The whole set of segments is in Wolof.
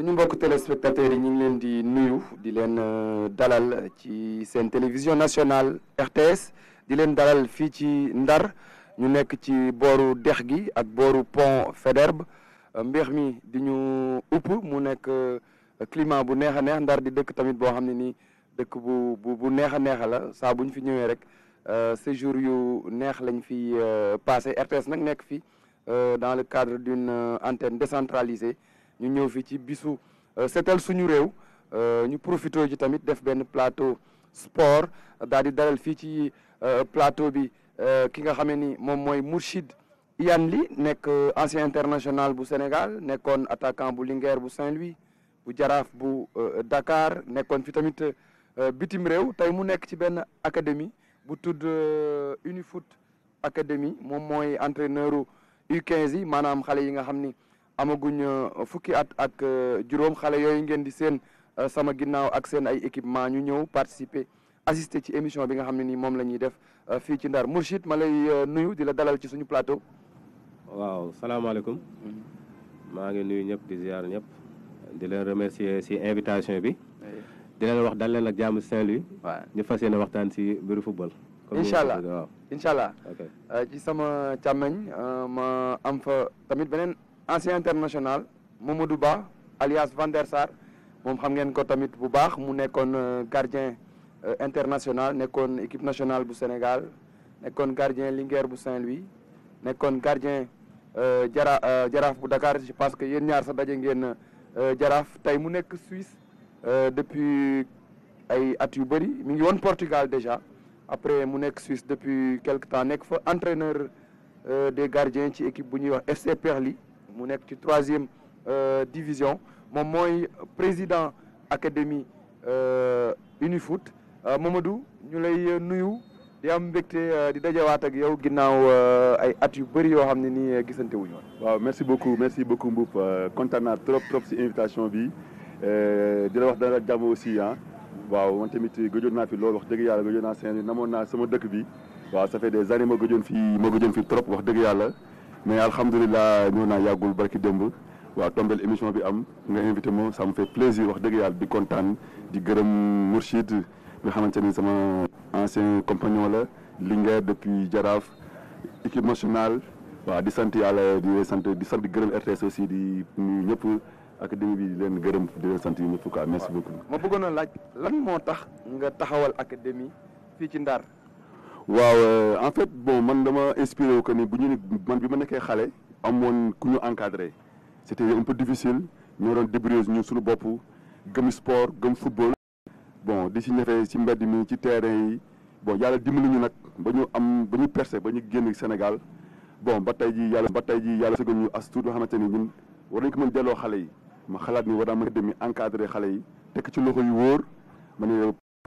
suñu mbokk téléspectateurs yi ñu ngi leen di nuyu di leen euh, dalal ci seen télévision nationale RTS di leen dalal fii ci Ndar ñu nekk ci booru dex gi ak booru pont Federbe euh, mbéex mi di ñu upp mu nekk euh, climat bu neex a neex Ndar di dëkk tamit boo xam ne nii dëkk bu bu bu neex a neex la saa buñ fi ñëwee rek séjour yu neex lañ fi passé RTS nag nekk fi dans le cadre d'une antenne décentralisée ñu ñëw fii ci bisu euh, seetal suñu réew euh, ñu profité ji tamit def ben plateau sport daal di dalal fi ci euh, plateau bi ki nga xamé ni mom moy Mourchid Iyane Ly ancien international bu Sénégal nekone attaquant bu Linguère bu Saint-Louis bu Jaraaf bu Dakar nekone fi tamit bitim rew tay mu nek ci ben académie bu tudd Unifoot Academy mom moy entraîneur U15 yi maanaam yi nga xam amaguñ uh, fukki at ak uh, juróom xalé yoy ngeen di seen uh, sama ginnaw ak seen ay équipement ñu ñëw participer assister ci émission bi nga xamni ni mom lañuy def fi ci Ndar Mourchid ma lay nuyu dila dalal ci suñu plateau. waaw alaykum ma mm-hmm. ngi nuyu ñep di ziar ñep di leen remercier si invitation bi. di leen wax dal leen ak jamm Saint-Louis. ñu fassiyene waxtaan si mbiru football. inshallah inshallah euh, ci sama euh, ma am fa tamit benen ancien international Mamadou Ba alias Van der Sar mom xam ngeen ko tamit bu mu euh, gardien euh, international nekkon équipe nationale bu Sénégal nekkon gardien Linguère bu Saint-Louis nekkon gardien euh, jara jaraaf bu Dakar je pense que yéen ñaar sa daje ngeen tay mu nekk Suisse depuis ay at yu mi ngi Portugal déjà après mu nekk Suisse depuis quelque temps nekk fa entraîneur des gardiens de l'équipe bu ñuy FC Perli mu nekk ci troisième euh, division moom mooy président académie euh, Unifoot euh, Mamadou ñu lay nuyu di am mbégte di ak yow ay at yu merci beaucoup merci beaucoup Mboup trop trop invitation bi aussi ah. waaw man tamit fi wax dëgg ça fait des années ma je suis ma fi trop wax mais alhamdulilah ñëw naa yàggul barki démb waaw tombeel émission bi am nga invité ma ça me fait plaisir wax dëgg yàlla di kontaan di gërëm Mourchid nga xamante ni sama ancien compagnon la Linguère depuis Jaraaf équipe nationale waaw di sant yàlla di sant di sant gërëm RTS di nuyu ñëpp académie bi di leen gërëm di leen sant yi ñëpp quoi merci beaucoup. ma bëggoon a laaj lan moo tax nga taxawal académie fii ci Ndar. waaw euh, en fait bon man dama inspiré au que ni bu ñu man bi ma nekkee xale amoon encadré c'était un peu difficile ñoo doon débrouiller ñu suñu bopp gëm sport gëm football. bon di si ñefee si mbedd mi ci terrain yi bon y dimbali ñu nag ba am ba ñu percé ba ñu génn Sénégal bon ba y ji le ba y ji le sëgal ñu as tuut nga xamante ni ñun war nañ ko yi ma xalaat ni war naa demi a dem encadré xale yi tekk ci loxo yu ma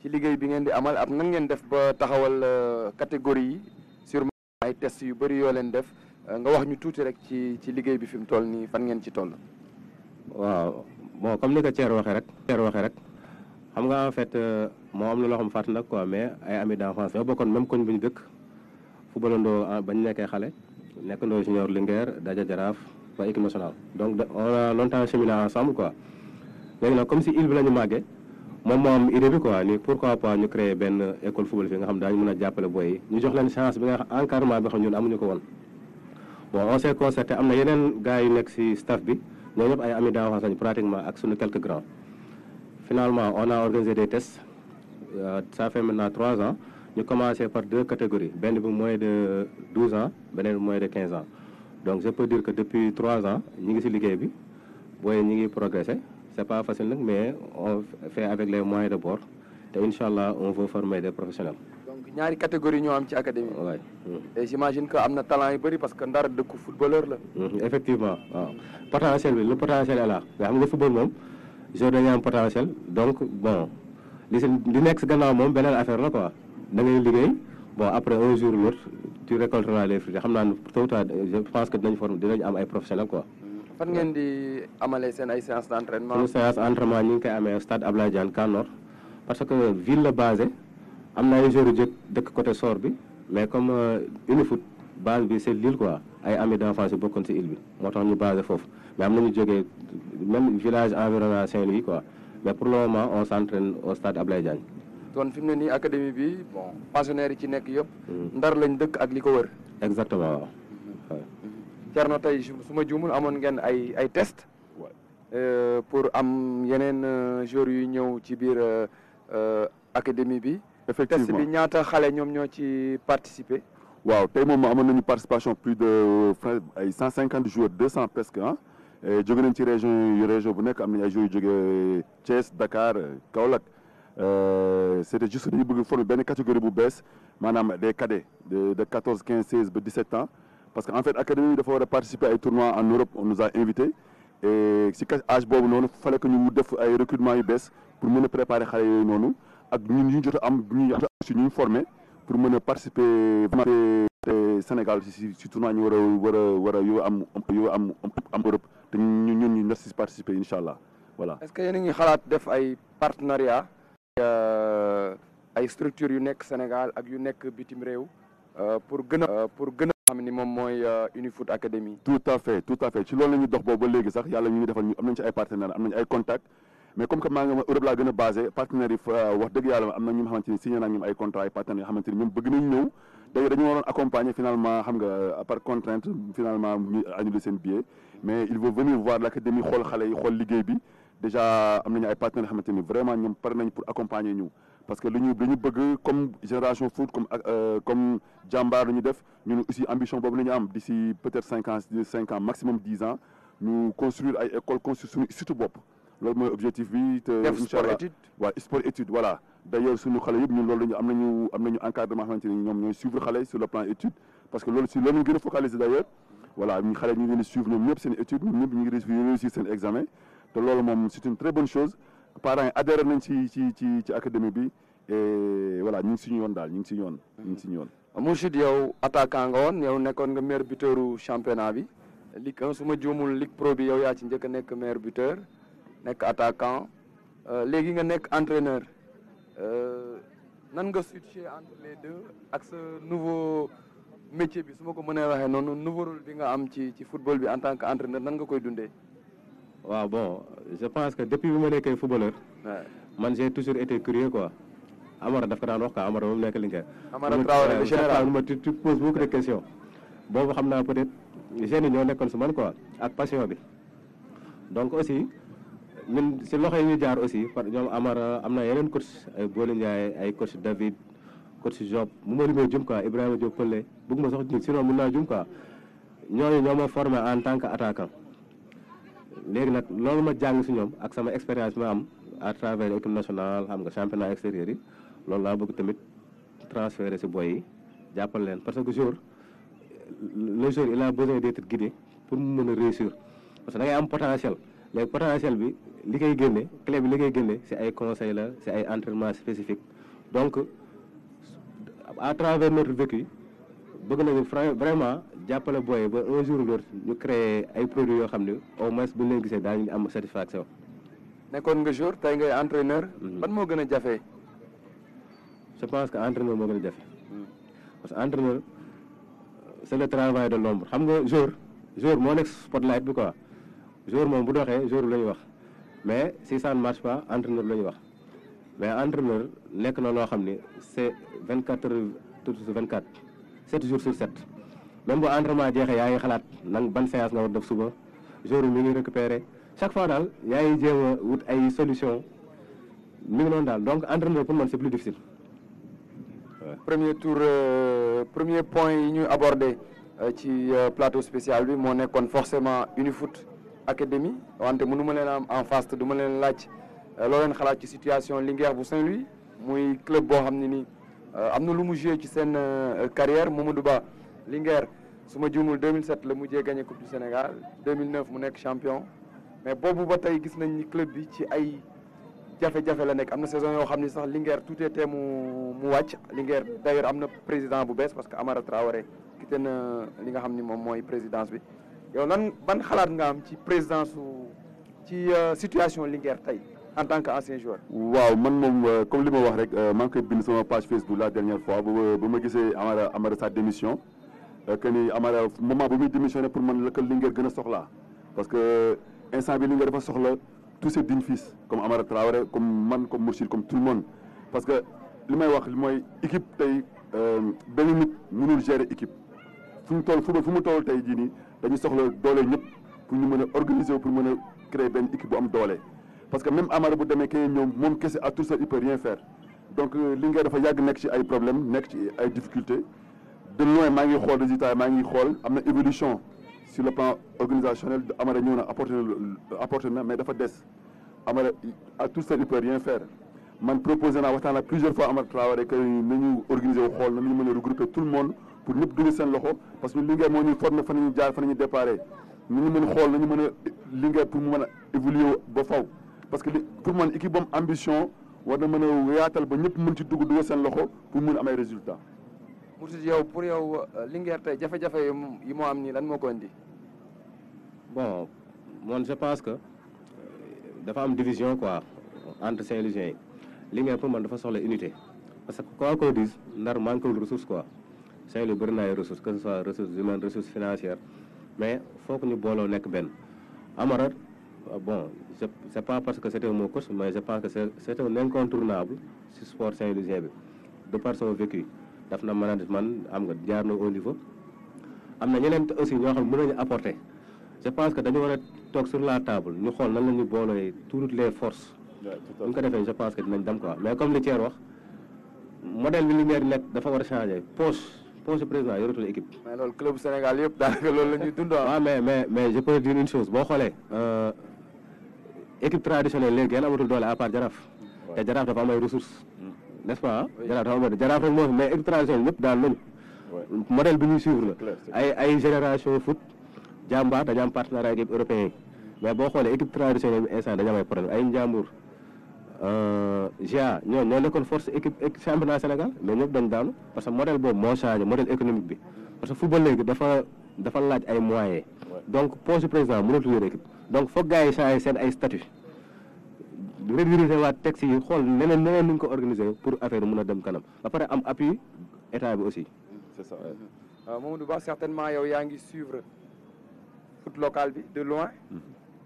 ci liggéey bi ngeen di amal ab nan ngeen def ba taxawal euh, catégorie yi sûrement ay test yu bari yoo leen def euh, nga wax ñu tuuti rek ci ci liggéey bi fi mu toll nii fan ngeen ci toll. waaw bon comme ni ko Thierno waxee rek. Thierno waxee rek xam nga en fait euh, moo am lu loo xam fàttali nag quoi mais ay amis d'enfance yoo bokkoon même koñ bu ñu dëkk footballandoo ah, ba ñu nekkee xale nekkandoo junior Linguère Daja Jaraaf ba équipe nationale. donc on a longtemps cheminé ensemble quoi léegi nag comme si île bi la ñu màggee. moom moo am idée bi quoi ni pourquoi pas ñu créer benn école football fi nga xam dañu mën a jàppale yi ñu jox leen chance bi nga xam encadrement bi xam ñun amuñu ko woon bon on s'est concerté am na yeneen gars yu nekk si staff bi ñoo ñëpp ay ami d'enfance lañu pratiquement ak suñu quelques grands finalement on a organisé des tests euh, ça fait maintenant trois ans ñu commencé par deux catégories benn bi moins de douze ans beneen bi moins de quinze ans donc je peux dire que depuis trois ans ñi ngi si liggéey bi booy ñi ngi progressé pas facile mais on fait avec les moyens de bord Et inshallah on veut former des professionnels. donc ñaari catégorie ñu am ci académie. Ouais. Mm. et j'imagine que amna talent yu bari parce que ndar de footballeur la. Mm, effectivement potentiel le potentiel est là mais xam nga football même. Je dañu am potentiel donc bon li di li le gannaaw mom beneen affaire la quoi da ngay liggéey bon après un jour ou l'autre tu récolteras les fruits je pense que dinañ form dinañ am ay professionnels quoi. fan ngeen di amale seen ay séance d' entraînement. suñu séance entraînement ñu ngi koy amee stade Abdoulaye Diagne Camp Nord parce que ville la basé am na ay joueurs jëkk dëkk côté sor bi mais comme euh, Unifoot base bi c' est l'île quoi ay amis d' enfance yu bokkoon si il bi moo tax ñu basé foofu mais am na ñu jógee même village environnant Saint-Louis quoi mais pour le moment on s' entraîne au stade Abdoulaye Diagne. kon fi mu ne nii académie bi bon pensionnaires yi ci nekk yëpp. Hmm. ndar lañ dëkk ak li ko wër. exactement jar na tey su ma juumul amoon ngeen ay ay test euh, pour am yenen euh, jour yu ñëw ci biir euh, académie bi effectivement bi ñaata xale ñoom ñoo ci participer waaw tey moom amoon nañu participation plus de ay 150 joueurs 200 presque hein jóge nañ ci région yu région bu nekk am nañ ay jour yu jóge Thiès Dakar Kaolack c' était juste dañu bëgg formé benn catégorie bu bees maanaam des cadets de de 14 15 16 ba 17 ans parce que en fait académie bi dafa participer à participer ay tournois en Europe on nous a invité et si âge bob non fallait que ñu def ay recrutement yu bess pour mën préparer xalé yoy nonu ak ñun ñu jot am ñu ñu formé pour mën participer au Sénégal si si tournoi ñu wara wara wara yu am yu am am Europe te ñun ñun ñu des participer inshallah voilà. est-ce que yéen a ngi xalaat def ay partenariat euh, ay structure yu nekk Sénégal ak yu nekk bitim réew euh, pour gëna euh, pour gëna xam ni moom euh, Unifoot Academy. tout à fait tout à fait ci loolu la ñuy dox boobu ba léegi sax yàlla ñu ngi defal ñu am nañ ci ay partenaires am nañ ay contacts mais comme que maa ngi Europe laa gën a basé partenaires yi euh, wax dëgg yàlla am na ñu nga xamante ni signé naa ñoom ay contrats ay partenaires yoo xamante ni ñoom bëgg nañ ñëw tey dañu waroon accompagner finalement xam nga euh, par contrainte finalement ñu annulé seen billet mais il veut venir voir l'académie xool xale yi xool liggéey bi déjà am nañu ay partenaires yoo xamante ni vraiment ñoom pare nañ pour accompagner ñu parce que nous ñu comme génération foot comme euh, comme jàmbaar lu ñu def aussi ambition d'ici peut-être 5 ans 5 ans maximum 10 ans ñu construire ay école construction. surtout bopp loolu objectif bi sport étude voilà d'ailleurs suñu avons un ñun loolu lañu am nañu am nañu encadrement suivre sur le plan études. parce que nous avons loolu gën focaliser d'ailleurs voilà nous xale ñu ngi suivre ñoom ñëpp seen étude ñoom ñëpp ngi réussir examen c'est une très bonne chose parents yi adhéré nañ ci ci ci ci académie bi et voilà ñu ngi suñu yoon daal ñu ngi suñu yoon ñu ngi suñu yoon mm-hmm. Mourchid yow attaquant nga won yow nekkon nga meilleur buteuru championnat bi ligue 1 suma joomul ligue pro bi yow ya ci ñëk nekk meilleur buteur nekk attaquant euh, légui nga nekk entraîneur euh nan nga switché entre les deux ak ce nouveau métier bi suma ko mënee waxee non nouveau rôle bi nga am ci ci football bi en tant qu'entraîneur nan nga koy dundé waaw bon je pense que depuis bi ma nekkee footballeur. man j'ai toujours été curieux quoi. Amara daf ko daan wax quoi Amara moom nekk Linguère. Amara Traoré le général ma tu tu poses beaucoup de questions. boobu xam naa peut-être jeunes yi ñoo nekkoon su man quoi ak passion bi. donc aussi ñun si loxo yi ñu jaar aussi par ñoom Amara am na yeneen coach ay Boly Ndiaye ay coach David coach Job mu ma limee jum quoi Ibrahima Diop Pëlle bëgg ma sax sinon mun naa jum quoi ñooñu ñoo ma formé en tant que attaquant. léegi nag loolu ma jàng si ñoom ak sama expérience ma am à travers équipe nationale xam nga championnat extérieur yi loolu laa bëgg tamit transférer si boy yi jàppal leen parce que jour le jour il a besoin d'être guidé pour mu mën a réussir parce que da am potentiel léegi potentiel bi li kay génne clé bi li kay génne si ay conseil la si ay entraînement spécifique donc à travers notre vécu bëgg nañu vraiment jappale boy ba un jour l'autre ñu créer ay produits yo xam au moins bu ñu leen gisee daañu am satisfaction. nekkoon nga jour tay ngay entraîneur. ban moo gën a jafe. je pense que entraîneur moo gën a jafe. parce que entraîneur c' est le travail de l'ombre xam nga jour jour moo nekk spotlight bi quoi jour moom bu doxee jour la ñuy wax mais si ça ne marche pas entraîneur la ñuy wax mais entraîneur nekk na loo xam ne c' est vingt heures sur vingt quatre jours sur sept. même bu entraînement jeexee yaa ngi xalaat lan ban séance nga war def suba jour mi ngi récupéré chaque fois daal yaa ngi jéem a wut ay solution mi ngi noonu daal donc entraîneur pour man c'est plus difficile. premier tour euh, premier point yi ñuy abordé euh, ci euh, plateau spécial bi moo nekkoon forcément Unifoot académie wante mënu ma leen am en face duma leen laaj loo leen xalaat ci situation Linguère bu Saint-Louis muy club boo xam ne nii am na lu mu joué ci seen carrière Mamadou Ba Linguère suma ma 2007 la mujjee gagné coupe du Sénégal 2009 mu nek champion mais bobu ba tey gis nañ ni club bi ci ay jafé jafé la nek amna saison yo xamni sax Linger tout était mu mu wàcc Linguère d'ailleurs amna président bu bees parce que Amara Traoré quitté na li nga xamni mom moy présidence bi yow lan ban xalat nga am ci présidence ci euh, situation l'inger tay en tant que ancien joueur. waaw man mom euh, comme li ma wax rek euh, man ngi koy bind sama page Facebook la dernière fois bu ma gisee Amara Amara sa démission. Euh, que ni Amara moment bu muy démissionné pour man la ko Linguère gën a parce que instant bi Linguère dafa soxla tous ses dignes fils comme Amara Traoré comme man comme Mourchid comme tout le monde parce que limay wax moy équipe euh benn nit mënul gérer équipe fu mu toll football fu mu toll tay jini dañu soxla doole ñep pour ñu mëna organiser pour mëna créer ben équipe bu am doole parce que même Amara bu démé ké ñom mom kessé à tout ça il peut rien faire donc euh, Linguère dafa yag nek ci ay problèmes nek ci ay difficultés de loin maa ngi xool résultat yi maa ngi évolution sur le plan organisationnel Amara ñëw na apporté na mais dafa des Amara à tout ça il peut rien faire man proposé naa waxtaan ak plusieurs fois Amara Traoré que nañu organiser wu xool na ñu mën a regrouper tout le monde pour ñëpp dugal seen loxo parce que Linguère moo ñuy formé fan nañu jaar fan nañu déparé na ñu mën xool nañu mën a Linguère pour mu mën a évoluer ba faw parce que tout man équipe bam ambition war na mën a yaatal ba ñëpp mën ci dugg dugal seen loxo pour mën am ay résultats Mourchid yow pour yow euh, Linguère tey jafe-jafe yi moo am nii lan moo ko indi. bon man je pense que euh, dafa am division quoi entre Saint-Louisiens yi Linguère pour man dafa soxla unité parce que quoi qu'on dise Ndar manque de ressource quoi Saint-Louis bëri na ressources que ce soit ressources humaines ressources financières mais foog ñu booloo nekk benn Amara euh, bon ce n'est pas parce que c'était mot coach mais je pense que c'était un incontournable si sport Saint-Louisien de personnes son vécu daf na mën a man am nga jaar na au niveau am na ñeneen aussi ñoo xam ne mën nañu apporter je pense que dañu war a toog sur la table ñu xool nan la ñu boolooyee toutes les forces. bu ñu ko defee je pense que dinañ dem quoi mais comme li Thierry wax modèle bi lumière nekk dafa war a changer poche poche président yoratul équipe. mais loolu club Sénégal yëpp daanaka loolu la ñuy dund. waaw ah. ah, mais mais mais je peux dire une chose boo xoolee euh, équipe traditionnelle léegi yéen amatul doole à part Jaraaf. te Jaraaf dafa am ay ressources. Mm. n'est-ce pas jaraaf dafa mel jaraaf rek moo fi mais étranger ñëpp daal nañ modèle bi ñuy suivre la ay ay génération foot jàmbaar dañu am partenariat ak européen yi mais boo xoolee équipe traditionnelle bi instant dañu am ay problème ay njàmbur euh, GA ñoo ñoo nekkoon force équipe championnat Sénégal mais ñëpp dañ daanu parce que modèle boobu moo changé modèle économique bi parce que football léegi dafa dafa laaj ay moyens donc poste président mënatul yor équipe donc foog gars yi changé seen ay statut réviser waat texte yi xool neneen neneen ni ko organiser pour affaire mun a dem kanam ba pare am appui état bi aussi. c'est ça euh, Mamadou Ba certainement yow yaa ngi suivre foot local bi de loin. Mm-hmm.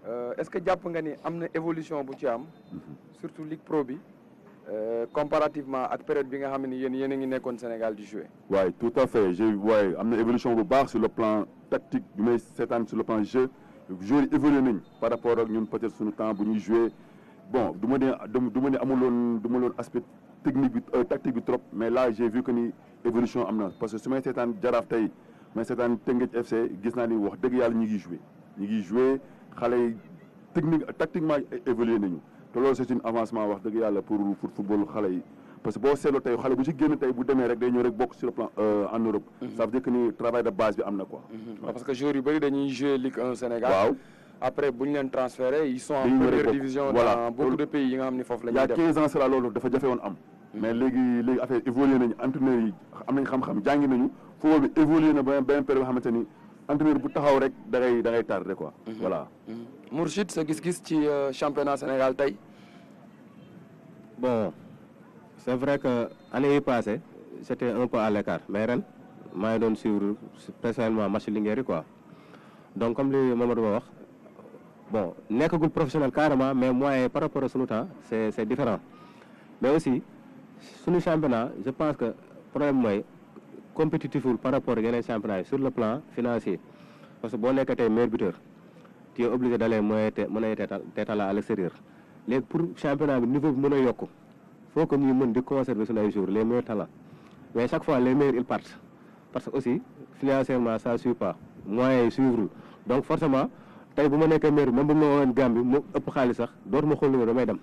Euh, est-ce que jàpp nga ni am na évolution bu ci am. Mm-hmm. surtout Ligue Pro bi. Euh, comparativement ak période bi nga xam ne yéen yéen a ngi nekkoon Sénégal di jouer. waaye tout à fait je waaye am na évolution bu baax sur le plan tactique bi may seetaan sur le plan jeu joueurs yi évolué nañ par rapport ak ñun peut-être suñu temps bu ñuy jouer bon du ma ne du ma ne du ma aspect technique bi euh, tactique trop mais là j'ai vu que ni évolution amna parce que su may seetaan jaraaf tey may seetaan Tëngéej FC gis naa ni wax dëgg yàlla ñu ngi jouer ñu ngi jouer xalé technique tactiquement évolué nañu te lolu c'est une avancement wax deug yalla pour pour football xalé parce que bo seetloo tay xalé bu ci génn tay bu démé rek day ñëw rek bokk sur le plan euh, en Europe. Mhm. ça veut dire que ni travail de base bi am na quoi. Mhm. parce que joueur yu bari dañuy jouer Ligue 1 Sénégal waaw après transféré ils sont en première division dans beaucoup de pays il y a 15 ans cela la dafa ont am mm. mais un homme. Mais évolué entraîneur yi évoluer xam-xam entraîneur rek quoi mm-hmm. voilà mm-hmm. Euh, championnat Sénégal bon c'est vrai que année passée c'était un peu à l'écart mais donc comme le Mamadou bon le professionnel carrément mais moi, par rapport à ce temps c'est différent mais aussi sur le championnat je pense que le problème est compétitif par rapport à ce championnat sur le plan financier parce que tu es le meilleur buteur tu es obligé d'aller à l'extérieur Pour pour championnat le niveau faut que nous puissions conserver sur jours les meilleurs talents mais à chaque fois les meilleurs ils partent parce que aussi financièrement ça ne suit pas moyen ils suivre donc forcément tey bu ma nekkee maire même bu ma woon Gambie mu ëpp xaalis sax dootuma xool numéro may dem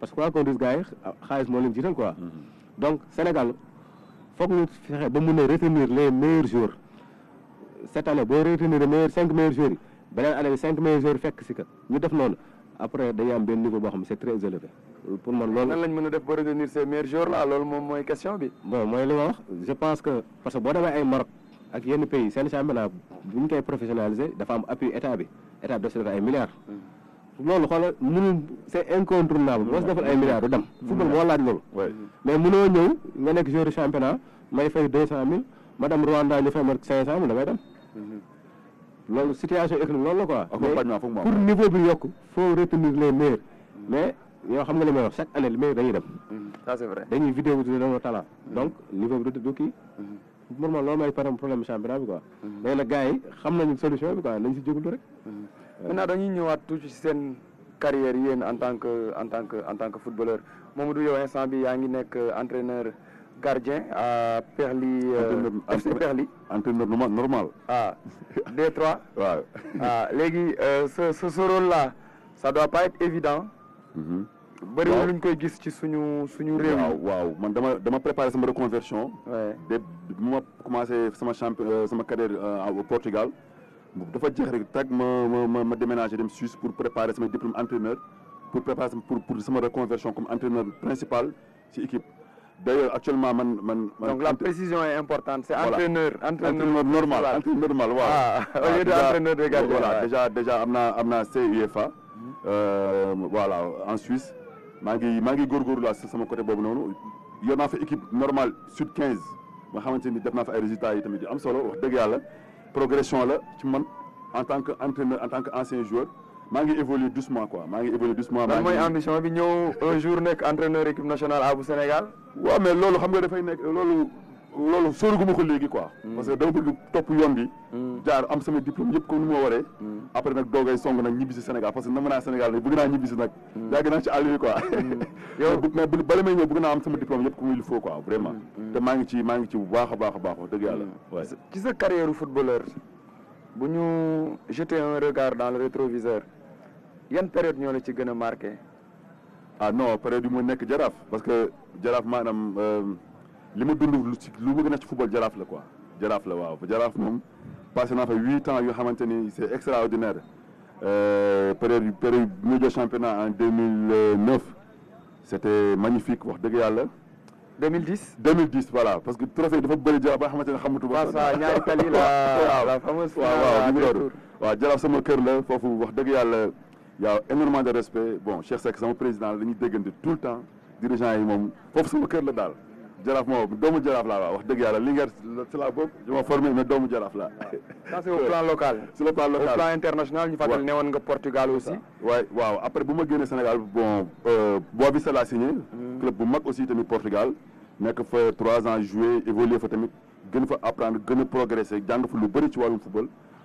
parce que quoi qu'on dise gars yi ah, xaalis moo leen jiital quoi. Mm-hmm. donc Sénégal foog ñu fexe ba mun a retenir les meilleurs jours cette année boo retenir les meilleurs cinq meilleurs jours yi beneen année bi cinq meilleurs jours fekk si kat ñu def noonu après dañuy am benn niveau boo xam ne c'est très élevé. pour man loolu nan lañ mën a def ba retenir ces meilleurs jours là loolu moom mooy question bi. bon mooy li ma wax je pense que parce que boo demee ay Maroc ak yenn pays seen championnat bu ñu koy professionnaliser dafa am appui état bi état def si defal ay milliards. lolu xoolal mënul c'est incontournable boo si defal ay milliards du dem. football moo laaj loolu. mais mënoo ñëw nga nek joueur championnat may fay 200000 madame Rwanda ñu fay mark 500000 cent mille damay dem. Mhm. loolu situation économique lolu la quoi. accompagnement foog pour niveau bi yok faut retenir les meilleurs. mais yow xam nga li may wax chaque année les meilleurs dañuy dem. Mhm. ça c'est vrai dañuy vidéo du talent. Mhm. donc niveau bi du kii. normal loolu mooy problème championnat bi quoi. Mm-hmm. léegi nag gars yi xam nañu solution bi quoi nañ si jóglu rek. Mm-hmm. maintenant dañuy ñëwaat tuuti si seen carrière yéen en tant que en tan que en tant que footballeur Mamadou yow instant bi yaa ngi nekk euh, entraîneur gardien à Perli. FC Perli entraîneur normal. a ah, D3. waaw ah léegi euh, ce ce rôle là ça doit pas être évident. Mm-hmm. bëri na luñ koy gis ci suñu suñu réew waaw waaw man dama dama préparé sama reconversion de bu ma commencé sama champion euh, carrière euh, au Portugal dafa jeex rek tag ma ma ma déménagé dem Suisse pour préparer sama diplôme d'entraîneur pour préparer pour pour reconversion comme entraîneur principal ci équipe d'ailleurs actuellement man donc la précision est importante. c'est entraîneur entraîneur normal entraîneur normal waaw. Ah, au ah, lieu entraîneur de gardien déjà déjà am naa am mm-hmm. euh, voilà en Suisse maa mangi, gor ngi la sama côté bobu nonou yor naa fa équipe normale sud 15 ba xamanteni def naa fa ay résultats yi tamit am solo wax deug yalla progression la ci man en tant que entraîneur en tant que ancien joueur mangi évoluer doucement quoi mangi évoluer doucement. maa ambition bi ñëw un jour nek entraîneur équipe nationale A bu Sénégal. wa mais lolu xam nga fay nek lolu loolu sóoruguma ko léegi quoi. Mm. parce que dama bëgg topp yoon bi. Mm. jaar am sama diplôme yëpp comme ni ma waree. Mm. après nag doogay song nag ñibbi si Sénégal parce que nama ma Sénégal nag bi quoi. yow mais bala may ñëw bëgg naa am sama diplôme yëpp comme il faut quoi vraiment. te maa ngi a a baax wax dëgg yàlla. ci sa carrière footballeur bu ñu jeter yan période ñoo la ci gën a marqué. ah non période bi mu nekk jaraaf parce que jaraaf maanaam. Euh, li ma dund lu ci lu ma gën a ci football jaraaf la quoi jaraaf la waaw jaraaf moom passé naa fa huit ans yoo xamante ni c'est extraordinaire euh, période période bi championnat en 2009, c'était magnifique wax dëgg yàlla. 2010 2010 voilà parce que trophée dafa bëri jaraaf ba nga xamante ne xamatu ba. waaw ñaari tali la waaw la fameuse waaw waaw waaw jaraaf sama kër la foofu wax dëgg yàlla a énormément de respect bon Cheikh Seck sama président la ñuy déggante tout le temps dirigeant yi moom foofu sama kër la daal jaraaf moo doomu jaraaf laa wax dëgg yàlla Linguère si laa bokk ñu ma formé mais doomu jaraaf laa. ça c'est au plan local. sur le plan local au plan international ñu fàttali ne woon nga Portugal aussi. waay waaw après bu ma génnee Sénégal bon euh, Boavista la signé. Mm. club bu mag aussi tamit Portugal. nekk fa trois ans joué évolué fa tamit gën fa apprendre gën a progressé jàng fa lu bëri ci wàllum football.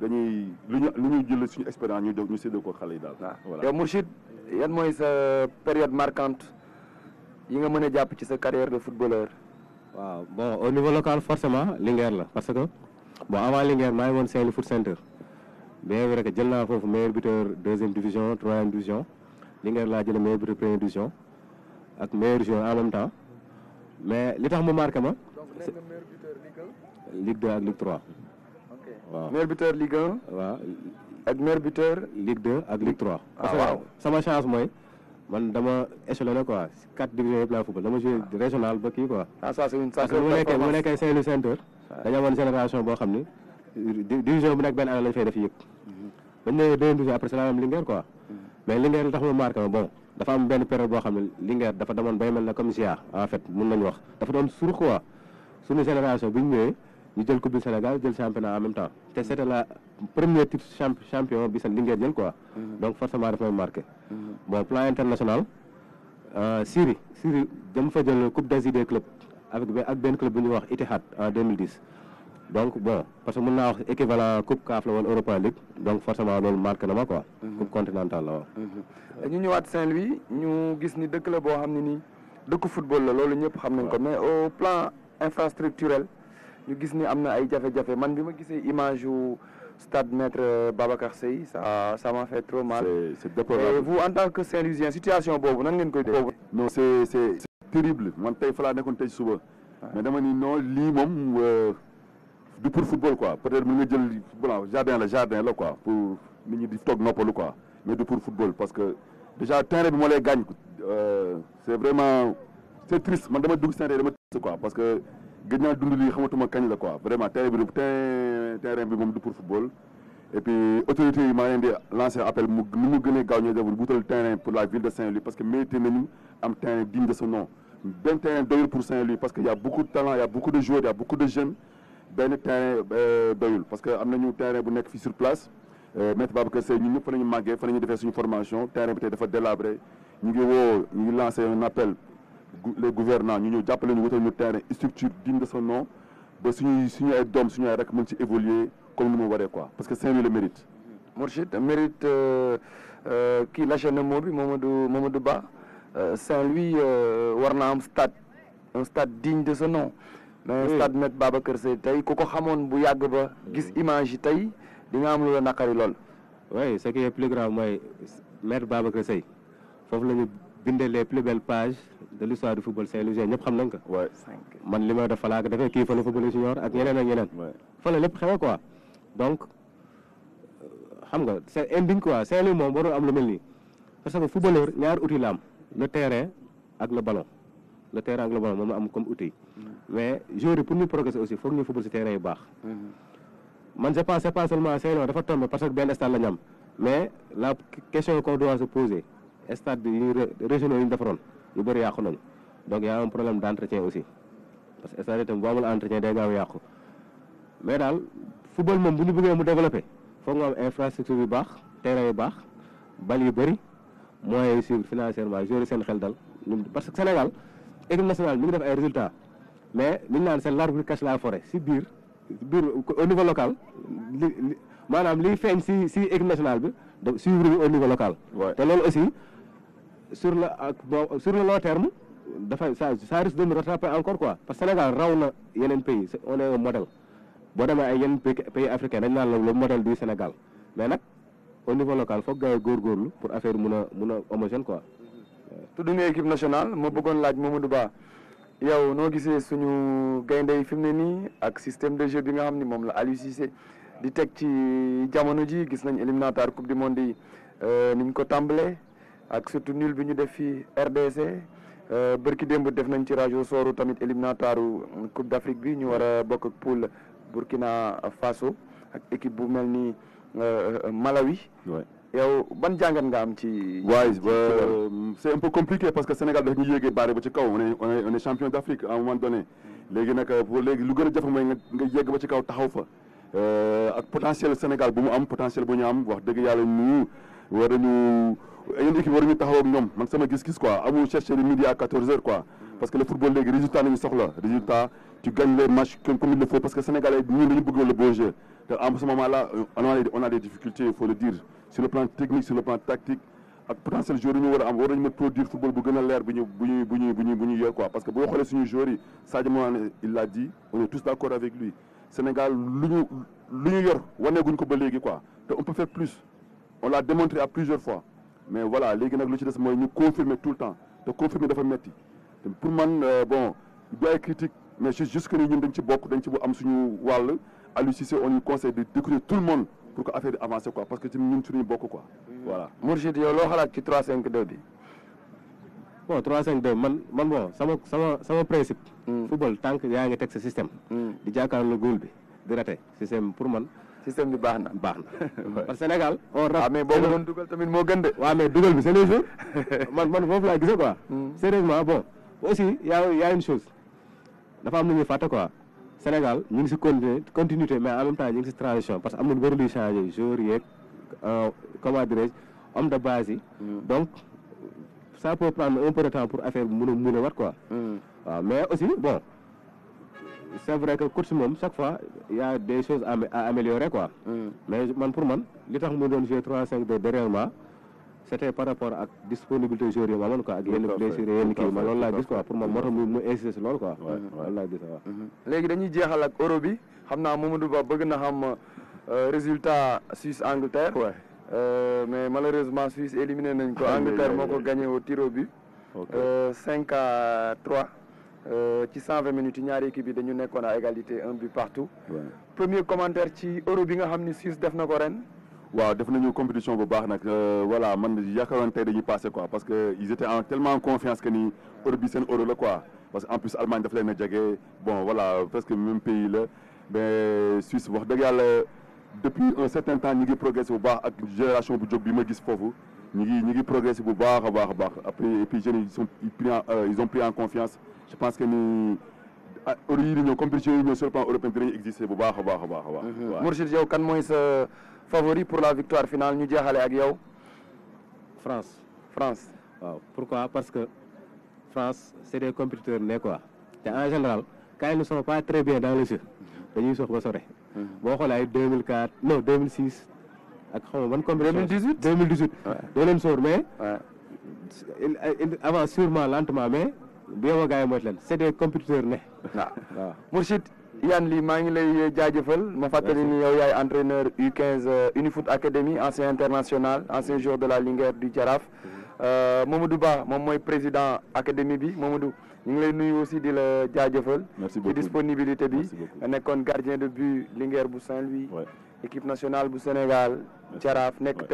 dañuy lu ñu lu ñu jël suñu expérience ñu ñu séddoo ko xale yi daal. Ah. voilà yow Mourchid yan mooy sa période marquante yi nga mën a ci sa carrière de footballeur. waaw bon au niveau local forcément Linger la parce que bon avant Linger, maa ngi woon Foot Center bien vrai que jël naa foofu meilleur buteur deuxième division troisième division Linguère laa jëlee meilleur buteur première division ak meilleur joueur en même temps mais li tax mu marqué ma. Ligue 2 ak Ligue 3. waaw meilleur buteur Ligue 1. ak meilleur buteur. Ligue 2 ak Ligue 3. ah sama chance mooy. man dama échelonné quoi quatre divisions yëpp laa football dama ah. ba kii quoi. ah ça c'est une sacrée performance parce que mu nekkee Saint-Louis Centre. dañu bu nekk benn année lañu fay def yëpp. Mhm. ba ñu nee deuxième division après cela am Linguère quoi. Mhm. mais Linguère li tax mu marqué ma bon dafa am benn période boo xam ne Linguère dafa demoon bay mel na comme Gia en fait mun nañu wax dafa doon suur quoi suñu génération bu ñu ñëwee. ñu jël coupe du Sénégal jël championnat en même temps C'est c'était la premier titre champion bi li ngeen jël quoi mm-hmm. donc forcément dafay marqué mm-hmm. bon plan international euh, Syrie Syrie dama fa jël coupe d'Asie des clubs avec ak club bu en 2010 donc bon parce que mën naa wax équivalent coupe CAF la woon Europa League donc forcément loolu marqué na ma quoi mm-hmm. coupe continentale la woon ñu ñëwaat Saint-Louis ñu gis ni dëkk la boo xam football la loolu ñëpp xam nañ ko mais au plan infrastructurel ñu gis ni am na ay jafe-jafe man bi ma gisee image au stade maître euh, Babacar Sey ça ça m'a fait trop mal. c'est déplorable et vous en tant que saint lusien situation boobu nan ngeen koy déglu. non c'est c'est terrible man tay fala laa tay tey suba. Ah. mais dama ni non li mom euh, du pour football quoi peut-être mën nga jël bon jardin la jardin la quoi pour nit ñi di tok noppalu quoi mais du pour football parce que déjà terrain bi mo lay gagne euh, c'est vraiment c'est triste man dama dugg terrain dama triste quoi parce que gëj naa dund lii xamatuma kagn la quoi vraiment terrain bi terrain bi mom du pour football et puis autorité yi maa leen lancer appel mu nu mu gëné a gaaw ñu terrain pour la ville de Saint-Louis parce que mérité nañu am terrain digne de ce nom benn terrain doyul pour Saint-Louis parce que y' a beaucoup de talent y' a beaucoup de joueurs y' a beaucoup de jeunes ben terrain euh, doyul parce que am nañu terrain bu nekk fi sur place euh, maître Babacar Seye ñun ñëpp fa la ñu màggee fa la ñu suñu formation terrain bi tey dafa délabré ñu ngi woo ñu lancer un appel les gouvernants ñu ñëw jàppale ñu wutal ñu terrain structure digne de son nom ba suñuy suñu ay doom suñu ay rek mën évoluer comme nous voulons quoi parce que Saint-Louis le mérite. Mourchid mérite euh, euh, qui lâche un mot Mamadou Mamadou Ba euh, Saint-Louis war am stade un stade digne de son nom. mais stade met Babacar Seye tey ku ko bu ba gis image yi tey di nga am lool. oui ce qui est plus grave mooy Me Babacar Sey, foofu la ñu bindee les plus belles pages de l'histoire du football Saint-Louisien ñep xam nañ ko. ouais man limay ma def falaa ko defee kii fa la football junior ak ñeneen ak ñeneen. fa la lepp xew quoi donc xam nga c'est indigne quoi c'est louis moom warul am lu melni parce que footballeur ñaar outil la am le terrain ak le ballon le terrain ak le ballon moom am comme outil. Mm-hmm. mais joueurs pour ñu progresser aussi faut ñu football ci terrain yu baax. Mm-hmm. man je pense c'est pas seulement c'est louis dafa tomber parce que ben stade la ñam mais la question qu'on doit se poser stade bi régionaux yi ñu defaroon. yu bëri yàqu nañu donc y a problème d' aussi parce que stade itam boo amul entretien day gaaw yàqu mais daal football moom bu ñu bëggee mu développé foog nga am infrastructure yu baax terrain yu baax bal yu bëri mooy yu suivre financièrement joué seen xel dal ñun parce que Sénégal équipe nationale mi ngi def ay résultats mais li ñu naan seen l'arbre cache la forêt si biir biir au niveau local li maanaam liy feeñ si si national bi de suivre bi au niveau sur le sur le long terme ça ça risque de nous rattraper encore quoi parce que Sénégal raw na yeneen pays on est un modèle boo demee ay yenn pays africain dañ naan la le modèle du Sénégal mais nag au niveau local foog gars yi góorgóorlu pour affaire mun a mun a homogène quoi. tudd nga équipe nationale ma bëggoon laaj Mamadou Ba yow noo gisee suñu gaynde yi ak système de jeu bi nga xam ni la Aliou Cissé di teg ci jamono ji gis nañ éliminatoire coupe du monde yi euh, niñ ko ak surtout nul bi ñu def fii RDC euh, bërki démb def nañ ci rajo sooru tamit éliminatoire Coupe d'Afrique bi ñu wara a bokk ak poule Burkina Faso ak équipe bu melni ni euh, Malawi. yow ban jàngat nga am ci. waaye bah, c'est un peu compliqué parce que Sénégal daf ñu yéegee bari ba ci kaw on est on est champion d'Afrique à un moment donné. légui nak euh, pour légui lu gëna a moy nga yégg ba ci kaw taxaw fa euh ak potentiel Sénégal bu mu am potentiel bu ñu am wax dëgg yàlla ñu war nañu yeneen équipe war nañu taxaw ak ñoom man sama gis-gis quoi On chercher les médias à 14 heures quoi parce que le football léegi résultat nañu soxla résultat tu gagnes les matchs comme il le faut parce que Sénégalais ñun dañu bëgg le beau jeu te À ce moment là on a on a des difficultés il faut le dire sur le plan technique sur le plan tactique ak potentiel joueur yi ñu war a am war nañu produire football bu gën l'air. leer bu ñu bu ñu quoi parce que boo xoolee suñu joueurs yi Sadio Mané il l'a dit on est tous d'accord avec lui Sénégal lu ñu lu ñu yor waneeguñ ko ba léegi quoi te on peut faire plus on l'a démontré à plusieurs fois mais voilà les gens lu ci des mooy ñu confirmer tout le temps De confirmer dafa metti pour man euh, bon a des critique mais c'est juste que ni avons dañ ci bokk dañ ci bu am suñu on lui conseille de découvrir tout le monde pour que affaire yi quoi parce que ci ñun a bokk quoi voilà. Mourchid yow loo xalaat ci 3-5-2 bi. bon 3-5-2 man man bon sama sama sama principe. Mm. football tant que yaa ngi teg sa système. Mm. di jàkkaarloo góol bi de rater. système pour moi. système bi baax na baax na par Sénégal on ra mais boo ko doon dugal tamit moo gën de waaw mais dugal bi c'est les jours man man foofu laa gisee quoi sérieusement bon aussi yaa yaa une chose dafa am lu ñuy fàtte quoi Sénégal ñu ngi si continuer continuité mais en même temps ñu ngi si transition parce que am na lu bëri luy changé jour yeeg comment dirais-je homme de base yi donc ça peut prendre un peu de temps pour affaire bi mun a mun a wat quoi waaw mais aussi bon c'est vrai que course même chaque fois il y a des choses à, améliorer quoi. Mm. mais man pour man li tax mu 3 5 de derrière moi c'était par rapport à disponibilité joueurs yi ma quoi avec yenn blessures et gis quoi pour moi c'est ce mu mu insisté si loolu quoi. loolu laa gis waaw. Hmm. léegi dañuy jeexal ak euro bi Ba bëgg na xam euh, résultat Suisse Angleterre. Euh, mais malheureusement Suisse éliminé nañ ko Angleterre moo gagner gagné au tir au but. 5 euh, à 3. Euh, ci 120 minutes yi ñaari équipe bi dañu nekkoon à égalité un but partout. premier commentaire ci euro bi nga xamni Suisse def na ko ren. waaw def nañu compétition bu baax nag euh, voilà man yaakaaroon tey dañuy quoi parce que ils étaient en tellement en confiance que ni euro bi seen euro la quoi parce que en plus Allemagne daf leen a bon voilà presque même pays la mais Suisse wax dëgg depuis un certain temps ñi ngi progressé bu baax ak génération bu jóg bi ma gis foofu. ñi ngi ñi ngi progressé bu baax baax baax après et puis jeunes ils sont ils euh, ont pris en confiance je pense que nous heure ah, yii compétition sur le plan européen dinañu exister favori pour la victoire finale ñu jeexale ak yow. France. France pourquoi parce que France c'est des compétiteurs né quoi en général quand ils ne sont pas très bien dans le jeu dañuy sox ba sore. Mhm. boo xoolee 2004 non 2006 ak xam ban 2018 2018. waaw doo mais. avant sûrement lentement mais bien gars c'est des compétiteurs né waaw ah. waaw Mourchid Yane Ly maa ngi lay jaajëfal ma fatali ni yow entraîneur U15 euh, Unifoot Academy ancien international ancien joueur de la ligue du Jaraaf. Mhm. Euh, Mamadou Ba mom moy président académie bi Mamadou ñu ngi lay nuyu aussi di la merci ci disponibilité bi nekkoon gardien de but Linguère bu Saint-Louis. équipe nationale du Sénégal. Jaraaf nekk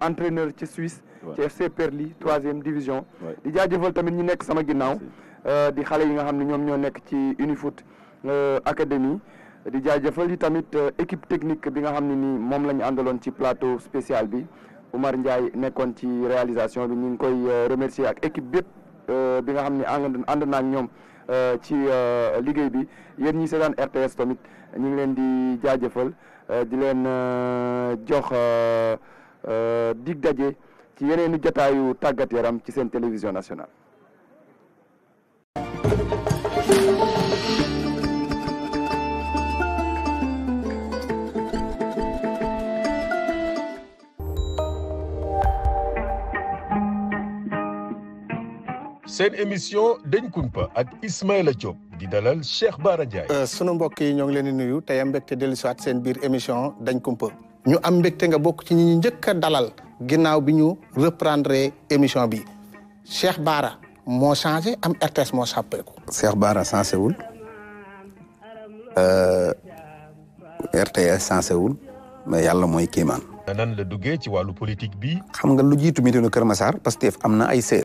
entraîneur ci Suisse. ci FC Perli troisième division. di jaajëfal tamit ñi nekk sama ginnaaw. Euh, di xale yi nga xam ne ñoo nekk ci Unifoot euh, Academy di jaajëfal yi tamit euh, équipe technique bi nga xam ne nii moom la ci plateau spécial bi Oumar Ndiaye nekkoon ci réalisation bi ñu koy remercier ak équipe bépp bi nga xam ne ànd ànd naa ci liggéey bi yéen ñi seetaan RTS tamit ñu ngi leen di jaajëfal di leen jox. Euh, dig daje ci yeneeni jotaayu Tagat yaram ci seen télévision nationale seen émission dañ kumpa ak Ismaïla Diop di dalal Cheikh Bara Ndiaye. Euh, sunu mbokk yi ñoo ngi leen di nuyu tey am biir émission dañ kumpa ñu am mbégte nga bokk ci ñi ñu njëkk a dalal ginnaaw bi ñu reprendre émission bi Cheikh baara moo changé am RTS moo sàppeeku. Cheikh Bara changé wul euh, RTS changé wul mais yàlla mooy kiimaan. ci wàllu politique bi. xam nga lu mi dina Kër Massar Pastef am na ay seer.